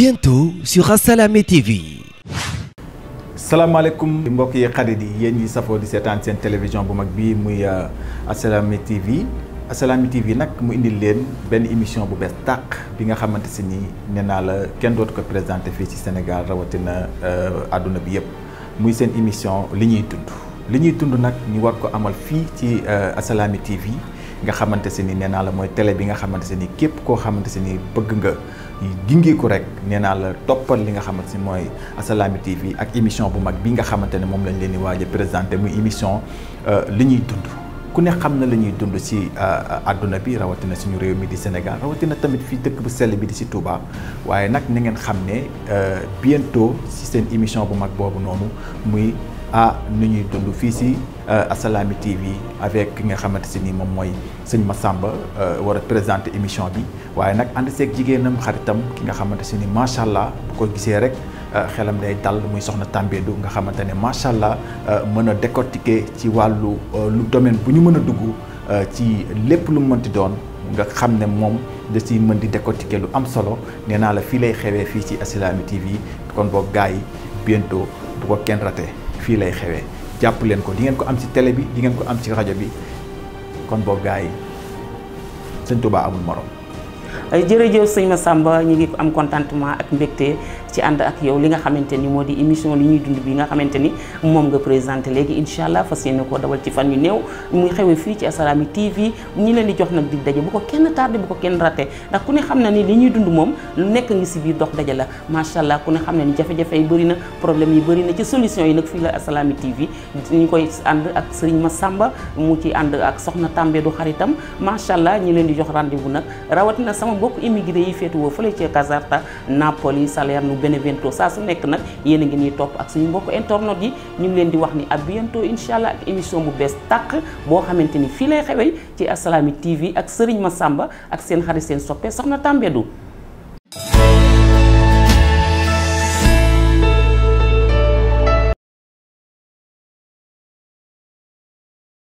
bientôt sur Assalaamy TV. salaamaaleykum mbokk yi xarit yi yéen ñi safoo di seetaan seen télévision bu mag bii muy euh, Assalaamy TV Assalaamy TV nag mu indil leen benn émission bu bees tàq bi nga xamante si ni nee naa la kenn dootu ko présenté fii ci senegal rawatina adduna euh, bi yëpp muy seen émission li ñuy tudd li ñuy dund nag ñu war ko amal fii ci euh, Assalaamy TV. nga xamante se ni neenaa la mooy télé bi nga xamante se ni képp koo xamante se ni bëgg nga gingeeku rek nee naa la toppal li nga xamante si mooy Assalaamy TV ak émission bu mag bi nga xamante ne moom lañ leen di waaj a mu muy émission euh, li ñuy dund ku ne xam ne la ñuy dund si euh, àdduna bi rawatina suñu réew mi di Sénégal rawatina tamit fii dëkk bu sell bi di si Touba waaye nag na ngeen xam ne euh, bientôt si seen émission bu mag boobu noonu muy ah nu ñuy dund fii si euh, Assalaamy TV avec ki nga xamante si ni moom mooy sëñ Massamba euh, war a présenter émission bi waaye nag ànd seeg jigéenam xaritam ki nga xamante si ni macha allah bu ko gisee rek euh, xelam day dal muy soxna Tambédou nga xamante ne macha allah mën a décortiquer ci wàllu lu domaine bu ñu mën a dugg ci lépp lu mën mënti doon nga xam ne moom da si mën di décortiquer lu am solo nee naa la fii lay xewee fii ci Assalaamy TV kon boog gars yi bientôt bu ko kenn fii lay xewee jàpp leen ko di ngeen ko am ci télé bi di ngeen ko am ci rajo bi kon boobu gaa yi sëñ Touba amul morom. Eh, jërëjëf sëñ ma Massamba ñu ngi am contentement ak mbégte ci ànd ak yow li nga xamante ni moo di émission li ñuy dund bi nga xamante ni moom nga présenté léegi incha allah fas yéene koo dawal ci fan yu néew muy xewee fii ci Assalaamy TV ñi leen di jox nag di daje bu ko kenn tardé bu ko kenn raté ndax ku ne xam na ni li ñuy dund moom lu nekk ngi si biir dox daje la macha allah ku ne xam na ni jafe-jafe yi bëri na problème yi bëri na ci solution yi nag fii la Assalaamy TV ñu koy ànd ak sëriñ Massamba mu ci ànd ak soxna Tambédou xaritam macha allah ñi leen di jox rendez-vous nag mbokk immigré yi féetuwoo fële ci Caserta Napoli Salerno Benevento saa su nekk nag yéen a ngi ñuy topp ak suñu mbokk internautes yi ñu ngi leen di wax ni à bientôt incha allah ak émission bu bees tàq boo xamante ni fii lay xewee ci Assalaamy TV ak Serigne Massamba ak seen xarit seen soppee soppe Soxna Tambédou